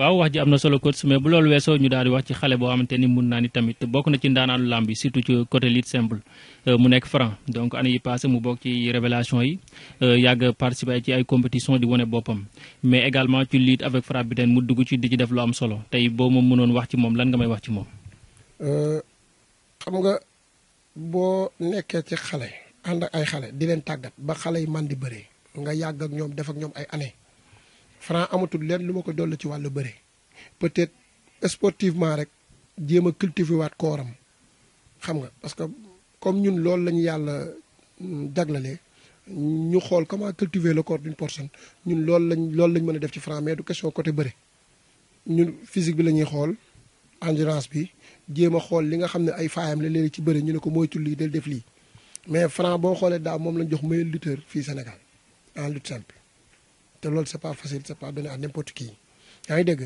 waaw wax ji am na solo coach mais bu loolu weesoo ñu daal di wax ci xale boo xamante ni mun naa ni tamit bokk na ci ndaanaanu làmb yi surtout ci côté lutte simple euh, mu nekk franc donc année yi passé mu bokk ci révélation yi euh, yàgg participer ci ay compétition di wane boppam mais également ci lutte avec frappe bi mu dugg ci di ci def lu am solo tey boo ma mënoon wax ci moom lan nga may wax ci moom. Euh, xam nga boo nekkee ci xale ànd ak ay xale di leen tàggat ba xale yi man di bëree yàgg ak ñoom def ak Franc amatul leen lu ma ko dolli ci wàllu bëre peut-être sportivement rek jéem a cultiver waat kooram xam nga parce que comme ñun lool la ñu yàlla mm, jaglalee ñu xool comment cultiver le corps d'une personne ñun lool lañ loolu lañ mën a def ci Franc mais du question côté bëre ñun physique bi la ñuy xool endurance bi jéem a xool li nga xam ne ay faayam la léegi ci bëri ñu ne ko moytul lii del def lii mais Franc boo xoolee daa moom lañ jox meilleur lutteur fii Sénégal en lutte simple te loolu c'est pas facile c'est pas donné à n'importe qui yaa ngi dégg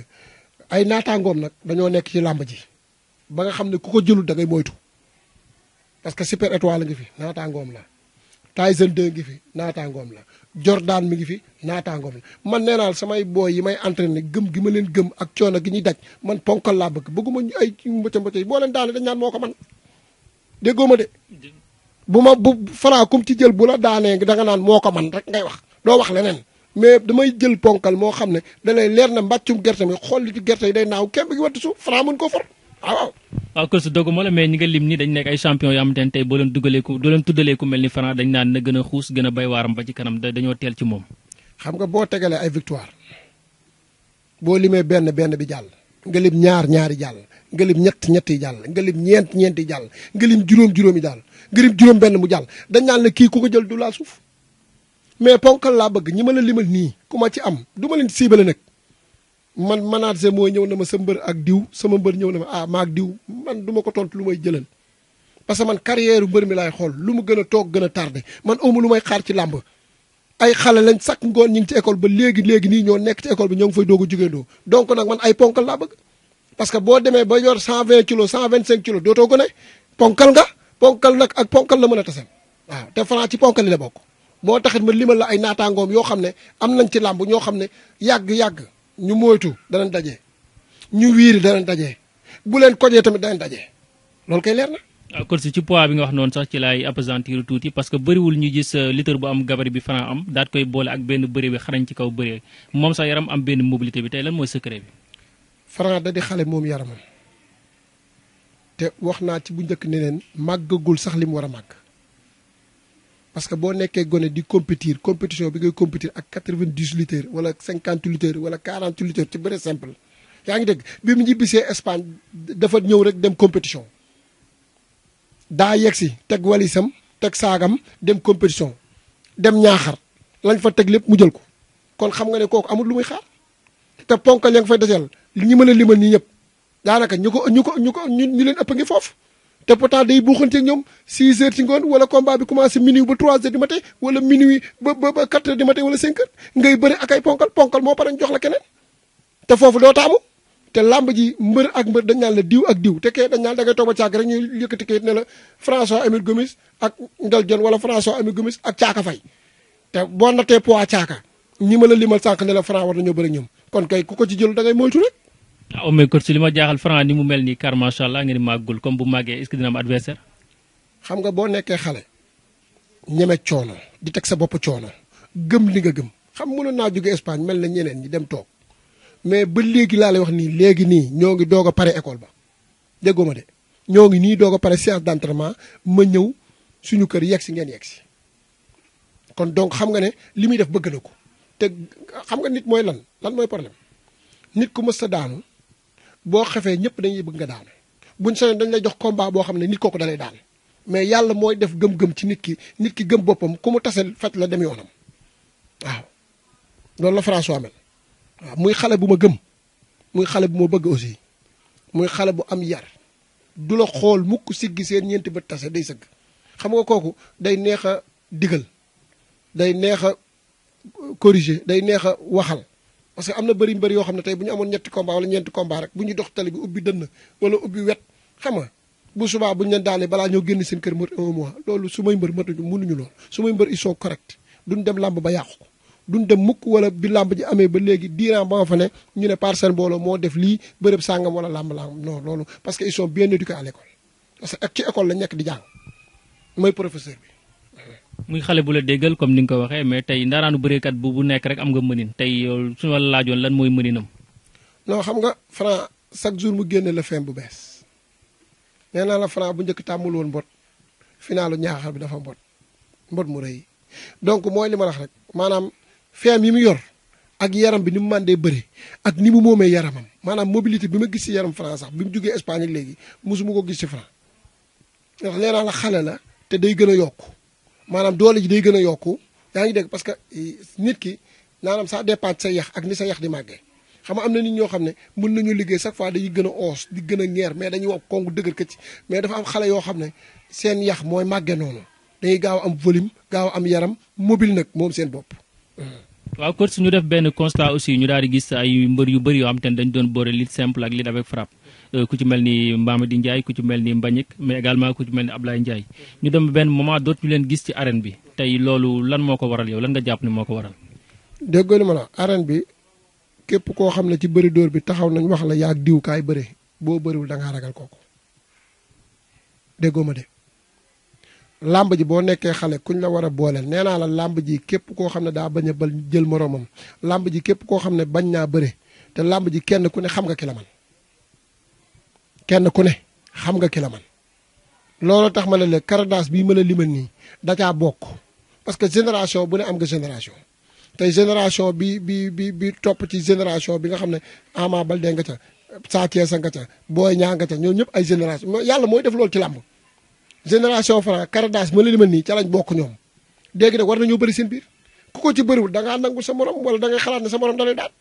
ay naataangoom nag dañoo nekk ci làmb ji ba nga xam ne ku ko jëlul da ngay moytu parce que super étoile nga fi naataangoom la Tyson ngi fi naataangoom la Jordan mi ngi fi naataangoom la man nee samay boy yi may entraîné gëm gi ma leen gëm ak coono gi ñuy daj man ponkal laa bëgg bëgguma ay mbëcc mbëcc boo leen daane dañ naan moo man de bu ma bu fara kum ci jël bu la daanee da nga naan moo ko man rek ngay wax doo wax leneen mais damay jël ponkal mo xam da lay leer na mbaccum gertam yi xol li ci gertay day naaw kemb gi wattu su fra mën ko for waaw wa ko su la mais ñi nga lim ni dañ nek ay champion yam xamante tay bo leku, leen duggalé ko do leen tuddalé ko melni fra dañ naan na gëna a gëna bay waram ba ci kanam dañoo tel ci mom xam nga bo tégalé ay victoire bo limé benn benn bi jall nga lim ñaar ñaari jall nga lim ñett ñett yi nga lim ñent ñent yi nga lim juroom juroomi dal nga lim mu jall dañ naan la ki ku ko jël du la suuf mais ponkal laa bëgg ñi mën la limal nii ku ma ci am du ma leen siibale nag man manaat se mooy ñëw na ma sa mbër ak diw sama mbër ñëw na ma ah maag diw man du ma ko tontu lu may jëlal parce que man carrière mbër mi laay xool lu mu gën a toog gën a tardé man amu lu may xaar ci làmb ay xale lañ sak ngoon ñu ngi ci école ba léegi léegi nii ñoo nekk ci école bi ñoo ngi fay doog a jugéendoo donc nag man ay ponkal laa bëgg parce que boo demee ba yor cent vingt kilos cent vingt cinq kilos dootoo gën a ponkal nga nag ak ponkal la mën a tasal waaw te Franc ci ponkal li la bokk moo taxit ma lima la ay naataangoom yoo xam ne am nañ ci làmb ñoo xam ne yàgg-yàgg ñu moytu danañ daje ñu wiiri danañ daje bu leen kojee tamit danañ daje loolu kay leer na. waaw ah, kon si ci poids bi nga wax noonu sax ci laay appesantir tuuti parce que bariwul ñu gis euh, litre bu am gabarit bi Franc am daat koy boole ak benn bëre bi xarañ ci kaw bëree moom sax yaram am benn mobilité bi tey lan mooy secret bi. Franc da di xale moom yaramam te wax naa ci bu njëkk ne màggagul sax li mu war a màgg. parce que boo nekkee gone di compétir compétition bi ngay compétir ak quatre-vingt-dix lutteurs wala cinquante lutteurs wala quarante lutteurs ci bëre simple. yaa ngi dégg bi mu ñibbisee Espagne dafa ñëw rek dem compétition daa yegg si teg walisam teg saagam dem compétition dem ñaaxar lañ fa teg lépp mu jël ko kon xam nga ne kooku amul lu muy xaar te ponkal ya nga fay deseel ñi mën a limal nii ñëpp daanaka ñu ko ñu ko ñu ko ñu leen ëpp ngi foofu. te pourtant day buuxante ak ñoom 6 heures ci ngoon wala combat bi commencé minuit ba 3 heures du matin wala minuit ba ba ba 4 heures du matin wala 5 ngay bëri ak ay ponkal ponkal moo pare jox la keneen te foofu doo taamu te làmb ji mbër ak mbër dañ naan la diw ak diw te kee dañ naan da ngay toog ba ne la François Amir Gomis ak Ndel Dione ak Caaka Fay te boo nattee poids Caaka ñi ma la limal sànq ne la war nañoo bëri ñoom kon kay ku ko ci jël da ngay moytu rek. Oumé Kotsi li lima jaaxal Franc ni mu mel nii ma macha allah ngeen magul, comme bu màggee est ce dina am adversaire. xam nga boo nekkee xale. ñeme di tek sa bopp coono gëm li nga gëm xam naa jóge Espagne mel na ñeneen ñi dem tok mais ba léegi la lay wax nii doga ni ñoo doga pare école ba déggoo ma de ñoo ngi nii pare séance d' entraînement ma ñëw suñu kër yegg ngeen kon donc xam nga ne limi def bëgg te xam nga nit moelan lan lan mooy problème nit ku boo xefee ñëpp dañuy bëgg nga daanu buñ sañoon dañ lay jox combat boo xam ne nit kooku dalay daan mais yàlla mooy def gëm-gëm ci nit ki nit ki gëm boppam ku mu tasel faj la dem yoonam waaw loolu la François waaw muy xale bu ma gëm muy xale bu ma bëgg aussi muy xale bu am yar du la xool mukk siggi seen ñeenti bët tase day sëgg xam nga kooku day neex a digal day neex a corriger day neex a waxal parce que am na bëri mbër yoo xam ne tey bu ñu amoon ñetti combat wala ñeenti combat rek bu ñuy dox tali bi ubbi dënn wala ubbi wet xam bu subaa bu ñu leen daanee balaa ñoo génn seen kër mot un mois loolu su may mbër matuñu mënuñu lool su may mbër ils sont corrects duñ dem dem mukk wala bi làmb amee ba léegi diiran ba nga ne ñu ne moo def lii bërëb sàngam wala làmb loolu parce que ils sont bien éduqués à que ak la nekk di jàng mooy professeur bi muy xale bu la déggal comme ni nga ko waxee mais tey ndaanaanu bëreekat bu bu nekk rek am nga mënin tey suñu wala laajoon lan mooy mëninam non xam nga franc chaque jour mu génne le fin bu bees nee naa la franc bu njëkk tàmmul woon bot finalu ñaaxal bi dafa bot mbot mu rëy donc mooy li ma wax rek maanaam fin yi mu yor ak yaram bi ni mu mandee bëri ak ni mu moomee yaramam maanaam mobilité bi ma gis si yaram franc sax bi mu jógee Espagne léegi mosuma ko gis si franc ndax nee naa la xale la te day gën a yokku maanaam doole ji day gën a yokku yaa ngi dégg parce que eh, nit ki maanaam ça dépend sa yax ak ni sa yax di màggee xam nga am na nit ñoo xam ne mën nañu liggéey chaque fois dañuy gën a oos di gën a ñeer mais dañuy wax kongu dëgër këcc mais dafa am xale yoo xam ne seen yax mooy màggee noonu dañuy gaaw am volume gaaw am yaram mobile nag moom seen bopp hmm. waaw coach ñu def benn constat aussi ñu daal di gis ay mbër yu bëri yoo xam te ne dañu doon boole lutte simple ak lutte avec frappe euh, ku ci mel ni Mamadi Ndiaye ku ci mel ni Mbagnick mais également ku ci mel ni ab Ablaye Ndiaye ñu dem benn moment dootuñu leen gis ci arène bi tey loolu lan moo ko waral yow lan nga jàpp ne moo ko waral. déggoo li ma la arène bi képp koo xam ne ci bëri dóor bi taxaw nañu wax la yaag diw kaay bëre boo bariwul da ragal kooku déggoo ma de. làmb ji boo nekkee xale kuñ la war a booleel nee naa la làmb ji képp koo xam ne daa bañ a bal jël moroomam làmb ji képp koo xam ne bañ naa bëre te làmb ji kenn ku ne xam nga ki la man kenn ku ne xam nga ki la man loolu tax ma ne la caradaas bii ma la limal nii da bokk parce que génération bu ne am nga génération tey génération bi bi bi bi topp ci génération bi nga xam ne Ama Baldé nga ca Sa Thiès nga ca Boy Niang nga ca ñoo ñëpp ay génération yàlla mooy def ci làmb génération franc caradas ma leen ma nii ca lañ bokk ñoom léegi nag war nañu bari seen biir ku ko ci wu da nga nangu sa morom wala da nga xalaat ne sa morom da lay daal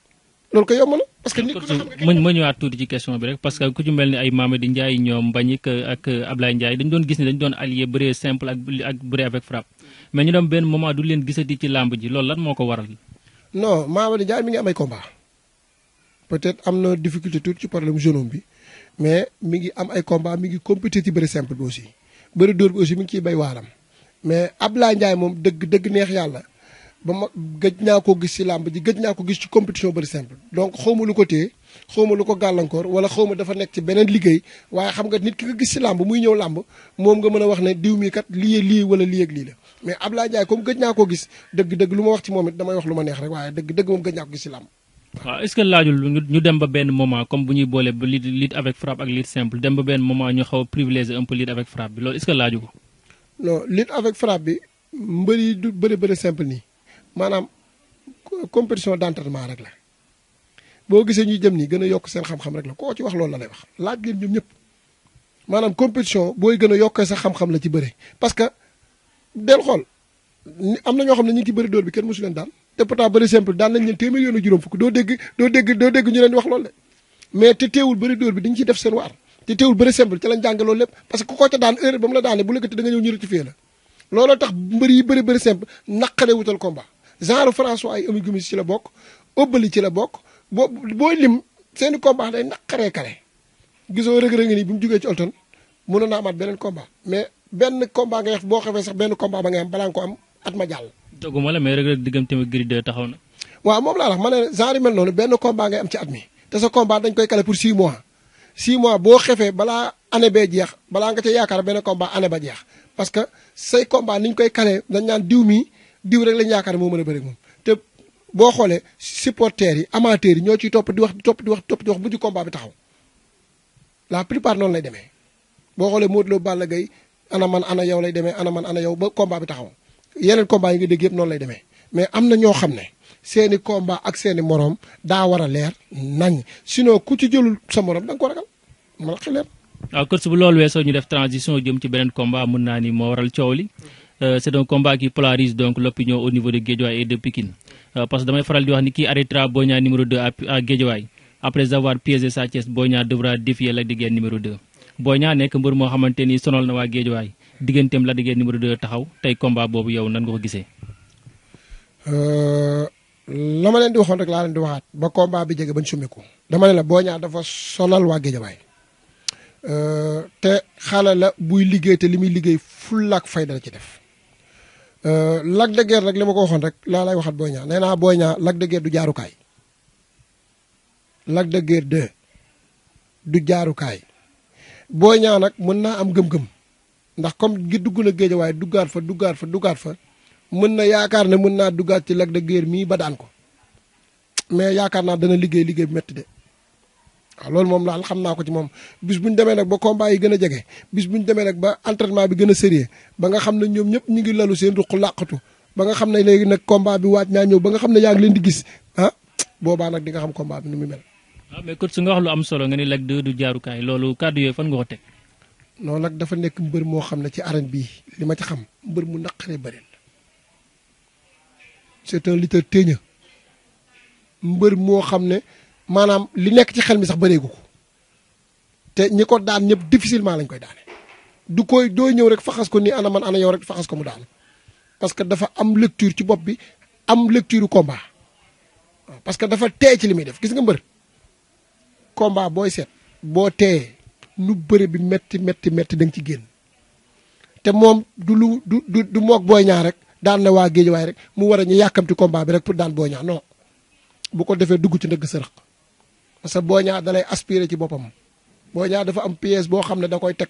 lool ko yomb parce que nit ko xam nga ma ñëwaat tuti ci question bi rek parce que ku ci melni ni ay Mamadi Ndiaye ñoom ke ak Ablaye ndjay dañ doon gis ni dañ doon allié bëree simple ak ak bëree avec frappe mais ñu dem ben moment du leen gisati ci lamb ji lool lan moko waral non Mamadi ndjay mi ngi am ay combat peut-être amna difficulté tout ci problème jeune bi mais mi ngi am ay combat mi ngi compétitif ci bëri simple bi aussi bëri dóor bi aussi mi ngi ciy bay waaram mais Abdoulaye Ndiaye moom dëgg dëgg neex yàlla ba ma gëj naa ko gis ci làmb ji gëj ñaa ko gis ci compétition bëri simple donc xaw ma lu ko téye xaw ma lu ko gàllankoor wala xaw ma dafa nekk ci beneen liggéey waaye xam nga nit ki nga gis ci làmb muy ñëw làmb moom nga mën a wax ne diw mii kat lii lii wala lii ak lii la mais Abdoulaye Ndiaye comme gëj naa ko gis dëgg dëgg lu ma wax ci moom it damay wax lu ma neex rek waaye dëgg dëgg moom gëj naa ko gis ci waaw est-ce que laajul ñu dem ba benn moment comme bu ñuy boole ba lutte lutte avec frappe ak lit simple dem ba benn moment ñu xaw a privilégier un peu lit avec frappe bi loolu est-ce que laaju ko. non lit avec frappe bi mbër yi du bëri bëri simple nii maanaam compétition d'entraînement rek la boo gisee ñuy jëm nii gën a yokk seen xam-xam rek la koo ci wax loolu la lay wax laaj leen ñoom ñëpp maanaam compétition booy gën a yokkee sa xam-xam la ci bëre parce que del xool am na ñoo xam ne ñu ngi ci bëri dóor bi kenn mosu leen daal. te pourtant bëri simple daan nañ leen téeméer yoonu juróom fukk doo dégg doo dégg doo dégg ñu leen di wax loolu mais te teewul bëri dóor bi dañ ci def seen waar te teewul bëri simple ci lañ jàng loolu lépp parce que ku ko ca daan heure ba mu la daane bu lëkkati da nga ñëw ñu rectifié la looloo tax mbëri yi bëri bëri simple naqaree wutal combat genre François ay Ami Gomis ci la bokk Obali ci la bokk boo booy lim seeni combat day naqaree kare gisoo rëg-rëg mu jógee ci Elton mënoon na amaat beneen combat mais benn combat boo xamee sax benn combat ba nga ko am at ma jàll tëgguma la mais Reug Reug taxaw na. waaw moom laa wax ma ne genre yu mel noonu benn at mi te sa combat koy calé pour 6 mois mois boo xefee balaa année bee jeex balaa nga ca yaakaar benn combat année ba jeex parce que say combat ni ñu koy calé dañ naan diw mi diw rek lañ yaakaar moo mën a bëri moom te boo xoolee supporters yi amateurs yi ñoo ciy topp di wax di topp di wax topp di bu ju combat bi taxaw la plupart noonu lay demee boo xoolee moo Modou Lo Balla Gaye ana man ana yow lay demee ana man ana yow boo combat bi taxaw yeneen combat yi nga dégg yëpp noonu lay demee mais am na ñoo xam ne seeni combat ak seeni moroom daa war a leer nañ sinon ku ci jëlul sa moroom da nga ko ragal ma la leer. waaw ah, coach bu loolu weesoo ñu def transition jëm ci beneen combat mën naa ni moo waral coow li euh, c'est un combat qui polarise donc l'opinion au niveau de Guédiawaye et de Pikine euh, parce que damay faral di wax ni kii arrêtera Boña numéro 2 à Guédiawaye après avoir piégé sa Thiès Boña devra défier Lac moo xamante ni sonal na waa Guédiawaye digënteem la diggé numéro 2 taxaw tay combat bobu yow nan nga ko gisé euh lama len di waxon rek la len di waxat ba combat bi jégué ban sumiku dama len la boña dafa sonal wa bay euh té xala la buy liggéey té limi liggéey ful lak fayda la ci def euh lak de guerre rek lima ko waxon rek la lay waxat boña néna boña lak de guerre du jaaru kay lak de guerre 2 du jaaru kay boña nak mën na am gëm gëm ndax comme gi dugg na géej waaye duggaat fa duggaat fa duggaat fa mën na yaakaar ne mën naa duggaat ci Lac da Guiers mii ba daan ko mais yaakaar naa dana liggéey liggéey bu métti de waaw loolu moom laal xam naa ko ci moom bis bu ñu demee nag ba combat yi gën a jege bis bu ñu demee nag ba entraînement bi gën a sérieux ba nga xam ne ñoom ñëpp ñu ngi lalu seen ruq làqatu ba nga xam ne léegi nag combat bi waaj naa ñëw ba nga xam ne yaa ngi leen di gis ah, boobaa nag di nga xam combat bi nu mu mel. Ah, waaw lu am solo nga ni jaarukaay loolu kàddu yooyu fan nga ko noonu nag dafa nekk mbër moo xam ne ci arène bii li ma ci xam mbër mu naqaree bëreel c'est un lutteur téeña mbër moo xam ne maanaam li nekk ci xel mi sax bëreegu ko te ñi ko daan ñëpp difficilement lañ koy daane du koy doo ñëw rek faxas ko nii ana man ana yow rek faxas ko mu daal parce que dafa am lecture ci bopp bi am lecture combat waaw parce que dafa tee ci li muy def gis nga mbër combat booy seet boo teeyee nu bëre bi metti metti metti da nga ci génn te moom du lu du du du moog booy ñaa rek daan na waa géej waay rek mu war a ñu yàkkamti combat bi rek pour daan booy ñaa non bu ko defee dugg ci ndëgg sërëx parce que booy ñaa da lay ci boppam booy ñaa dafa am pièce boo xam ne da koy teg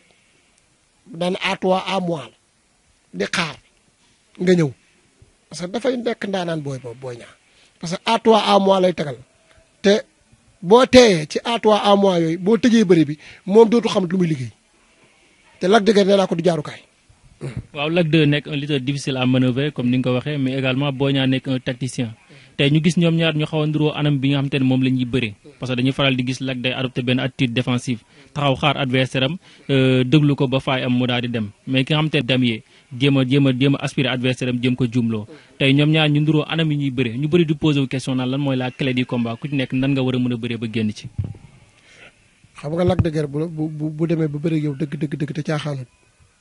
daan à trois à mois di xaar nga ñëw parce que dafay nekk naan booy boobu booy ñaa parce que à trois à mois lay tegal boo teeyee ci à trois à mois yooyu boo tëjee bëri bi moom dootu xam lu muy liggéey te Lac de nee naa ko du jaarukaay. waaw Lac de nekk un lutteur difficile à manœuvrer comme ni nga waxee mais également Boy Niang nekk un tacticien tey ñu gis ñoom ñaar ñu xaw a nduroo anam bi nga xam te moom la ñuy bëree parce que dañuy faral di gis Lac day adopté benn attitude défensive taxaw xaar adversaire am euh, déglu ko ba faay am mu daal di dem mais ki nga xam ne Damier jema jema jema aspirer adversaire am jéem ko jumlo tay ñom ñaar ñu nduro anam yi ñuy bëre ñu bëri du poser question na lan moy la clé du combat ku ci nekk nan nga wara mëna mën ba génn ci xam nga lak de guerre bu bu bu démé ba bëri yow dëgg dëgg dëgg te caaxaanut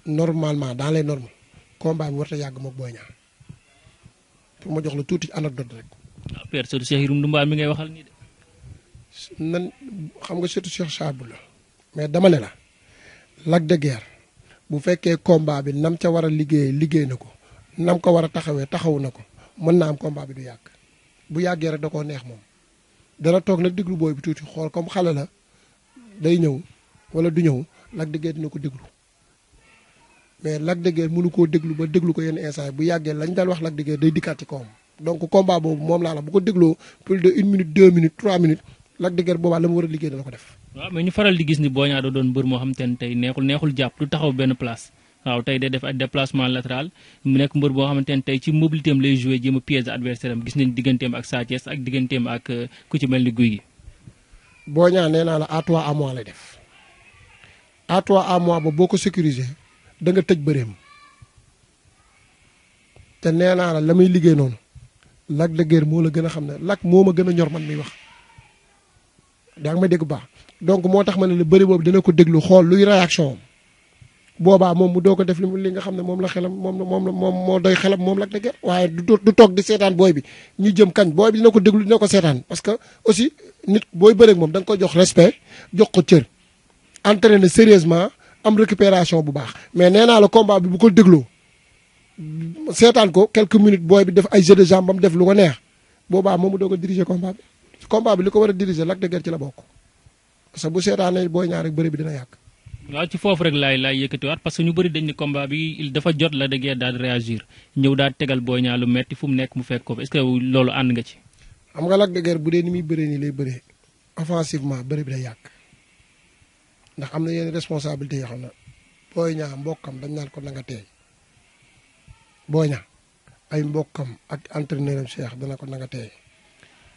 normalement dans les normes combat bi warta yag moog boy ñaar pour ma jox la tuuti anecdote rek ah, père sœur Cheikh rum dumba mi ngay waxal ni de nan xam nga surtout Cheikh Sabou la mais dama ne la lak de guerre bu fekkee combat bi nam ca war a liggéey liggéey na ko nam ko war a taxawee taxaw na ko mën naa am combat bi du yàgg bu yàggee rek da koo neex moom dana toog nag déglu booy bi tuuti xool comme xale la day ñëw wala du ñëw Lac de Guiers dina ko déglu mais Lac de Guiers mënu koo déglu ba déglu ko yenn instant bu yàggee lañ daan wax Lac de Guiers day dikkaat ci donc combat boobu moom laa la bu ko dégloo plus de une minute deux minutes trois minutes Lac war a liggéey dana ko def waaw mais ñu faral di gis ni Boy do doon mbër moo xam te ne tey neexul neexul jàpp du taxaw benn place waaw tey day def ay déplacement latéral mu nekk mbër boo xamante ne tey ci mobilité am lay joué jéem a piège adversaire am gis nañ digganteem ak Sa Thiès ak digganteem ak euh, ku ci mel ni guy gi. Boy Niang nee naa la à toi à moi lay def à toi à moi ba boo ko sécuriser da nga tëj bëreem te nee naa la la muy liggéey noonu Lac de guerre moo la gën a xam ne Lac moo ma gën a ñor man miy wax yaa ngi may dégg baax. donc moo tax ma ne la bëri boobu dina ko déglu xool luy réaction am boobaa moom mu doo ko def li li nga xam ne moom la xelam moom moom moom moo doy xelam moom la dëgg waaye du du toog di seetaan booy bi ñu jëm kañ booy bi dina ko déglu dina ko seetaan parce que aussi nit booy bëreeg moom da nga jox respect jox ko cër entraîner sérieusement am récupération bu baax mais nee naa la combat bi bu ko dégloo seetaan ko quelques minutes booy bi def ay jeu de jambe am ko neex boobaa moom mu doo ko diriger combat bi combat bi li ko war a diriger Lac de ci la bokk parce que bu seetaanee booy ñaar rek bëri bi dana yàq. waaw ci foofu rek laay laay yëkkatiwaat parce que ñu bëri dañ ni combat bi dafa jot la dëggee daal réagir ñëw daal tegal booy ñaar lu metti fu mu nekk mu fekk ko est-ce loolu ànd nga ci. xam nga lag de bu dee ni muy bëree nii lay bëre offensivement bëri bi day yàq ndax am na yenn responsabilité yoo xam ne booy ñaar mbokkam dañ naan ko na nga teey booy ñaar ay mbokkam ak entraîneur am Cheikh dana ko na nga teey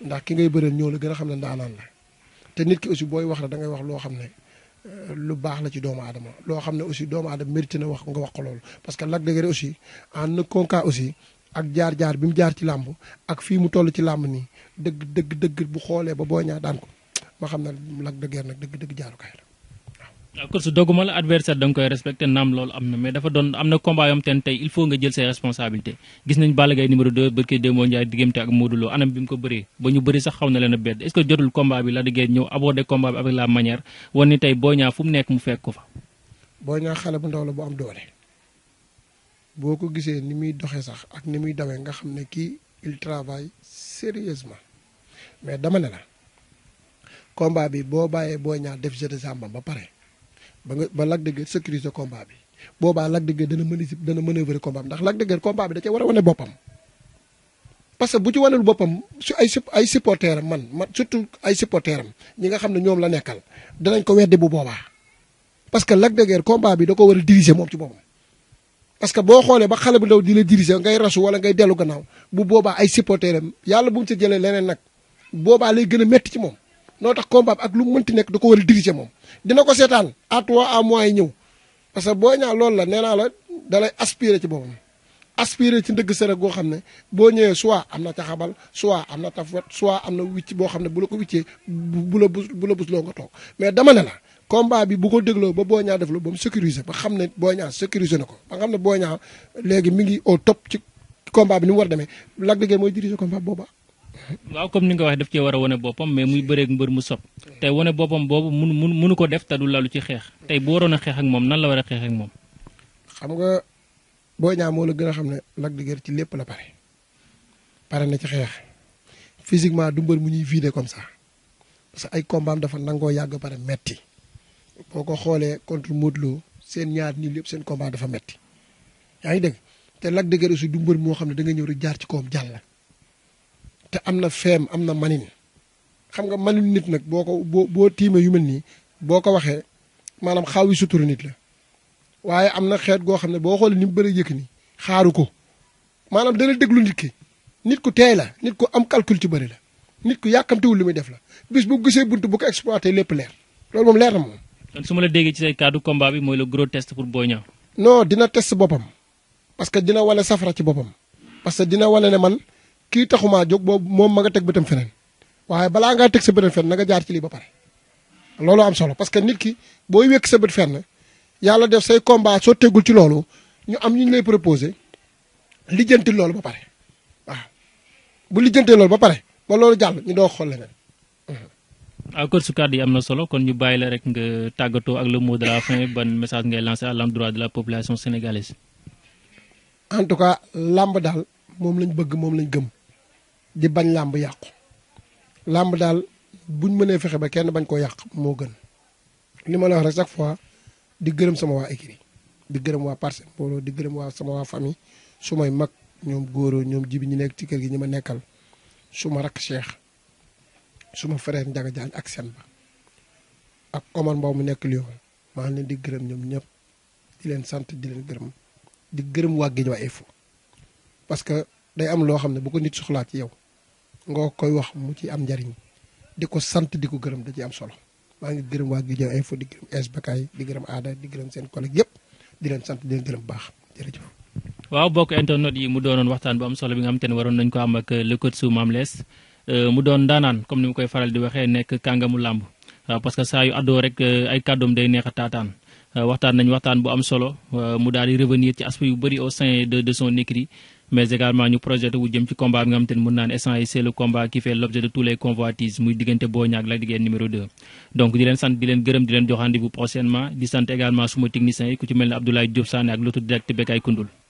ndax ki ngay bëreel ñoo la gën a xam ne ndaanaan la. te nit ki aussi booy wax la dangay wax loo xam ne euh, lu baax la ci doomu aadama loo xam ne aussi doomu aadama mérité na wax nga wax ko loolu parce que Lac de Guiers aussi en aucun kaa aussi ak jaar-jaar bi mu jaar ci làmb ak fii mu toll ci làmb nii dëgg dëgg dëgg bu xoolee ba Boy Niang daan ko ma xam ne Lac de Guiers nag dëgg dëgg jaarukaay la course doguma la adversaire dang koy respecter nam lol amna mais dafa don amna combat yom ten tay il faut nga jël ses responsabilités gis nañ balle gay numéro 2 barke Demba ndjay ak Modou Lo anam bim ko bëree ba ñu bëri sax xawna na bédd est ce que jotul combat bi la Bonya ñëw abordé combat bi avec la manière woni tay boña fu fekk fa. boña xalé bu bu am doolé boko gisé ni muy doxé sax ak ni muy dawé nga xamné Meda il travaille sérieusement mais dama ne la combat bi bo bayé boña def jeu de ba paré ba nga ba Lac de Guiers sécuriser combat bi boobaa Lac de dana mën dana manœuvrer combat bi ndax Lac de Guiers combat bi da cee war a wane parce que bu ci wanul boppam su ay su ay supporteurs am man man surtout ay supporteurs ñi nga xam ne ñoom la nekkal danañ ko weddi bu boobaa. parce que Lac de Guiers bi da ko war a diriger moom ci boppam. parce que boo xoolee ba xale bu ndaw di la diriger ngay rasu wala ngay dellu gannaaw bu boobaa ay supporteurs am yàlla bu mu ci jëlee leneen nag boobaa lay gën a métti ci moom. noo tax combat ak lu mu mënti nekk di ko war a moom. dina ko seetaan à trois à mois yi ñëw parce que boo ñaa loolu la nee naa la dalay aspirer ci boppam aspirer ci ndëgg sërëg goo xam ne boo ñëwee soit am na ca xabal soit am na tafwet soit am na wicc boo xam ne bu la ko wiccee bu la bus bu la bus loo nga toog mais dama ne la. combat bi bu ko dégloo ba boo ñaa def la ba mu sécuriser ba xam ne boo Niang sécuriser na ko ba nga xam ne boo Niang léegi mi ngi au top ci combat bi ni war a demee Lac de Guiers mooy diriger combat boobaa. waaw comme ni nga wax daf cee war a wane boppam mais muy bëreeg mbër mu sob tey wane boppam boobu mun mun munu ko def te du lalu ci xeex tey bu waroon a xeex ak moom nan la war a xeex ak moom. xam nga booy ñaa la gën a xam ne Lac di gër ci lépp la pare pare na ci xeex physiquement du mbër mu ñuy vider comme ça parce que ay kombaam dafa nangoo yàgg pare metti boo ko xoolee contre modlo Lo seen ñaar nii lépp seen combat dafa metti yaa ngi dégg te Lac de Guiers aussi du mbër moo xam ne da nga ñëw rek jaar ci koom jàll. te am na feem am na manin xam nga maninu nit nag boo ko boo boo tiimee yu mel nii boo ko waxee maanaam xaaw yi sutura nit la waaye am na xeet goo xam ne boo xoolee ni mu bëri yëkk ni xaaru ko maanaam dana déglu nit ki nit ku teey la nit ku am calcul ci bëri la nit ku yàkkamtewul lu muy def la bis bu gisee bunt bu ko exploité lépp leer loolu moom leer na moom. kon su ma la déggee ci say kàddu combat bi mooy le gros test pour Boy Niang. non dina test boppam parce que dina wane safara ci boppam que dina kii taxumaa jóg boobu moom ma nga teg bëtam feneen waaye balaa ngaa teg sa bëtam fenn na nga jaar ci lii ba pare loolu am solo parce que nit ki booy wékk sa bët fenn yàlla def say combat soo tegul ci loolu ñu am ñu ñu lay proposé lijjanti loolu ba pare waaw bu lijjantee loolu ba pare ba loolu jàll ñu doo xool leneen. waaw kër su am na solo kon ñu bàyyi la rek nga tàggatoo ak la moo de la fin ban message ngay lancé à l'endroit de la population sénégalaise. en tout cas làmb daal moom lañ bëgg moom lañ gëm. di bañ lamb yàqu lamb daal buñ mënee fexe ba kenn bañ ko yàq moo gën li ma la wax rek chaque fois di gërëm sama waa écrit di gërëm waa parce mbooloo di gërëm waa sama waa famille sumay may mag ñoom góoroo ñoom jibi ñi nekk ci kër gi ñi ma nekkal suma rak Cheikh suma frère Njaga Jaañ ak sen ba ak Omar mbaw mu nekk Lyon maa ngi leen di gërëm ñoom ñëpp di leen sant di leen gërëm di gërëm waa Guédiawaye Infos parce que day am loo xam ne bu ko nit soxlaa ci yow nga koy wax mu ci am njariñ di ko sant di ko gërëm da ci am solo waa ngi gërëm waa Guédiawaye Infos di gërëm SBK di gërëm aada di gërëm seen collègue yëpp di leen sant di leen gërëm baax jërëjëf. waaw bokk internet yi mu doonoon waxtaan bu am solo bi nga xam te ne waroon nañu ko am ak le coach su Mame euh, mu doon daanaan comme ni mu koy faral di waxee nekk kàngamu làmb parce que saa yu àddoo rek euh, ay kàddoom day neex a taataan. Euh, waxtaan nañ waxtaan bu am solo euh, mu daal di revenir ci aspect yu bëri au sein de de son écrit mais également ñu projeté wu jëm ci combat bi nga xam te ne naan essence yi c'est le combat l'objet de tous les convoitises muy diggante Boy ak Lac de numéro 2 donc di leen sant di leen gërëm di leen jox rendez prochainement di sant également suma technicien yi ku ci mel ne Abdoulaye Diop Sané ak l'autre direct Bekay Koundoul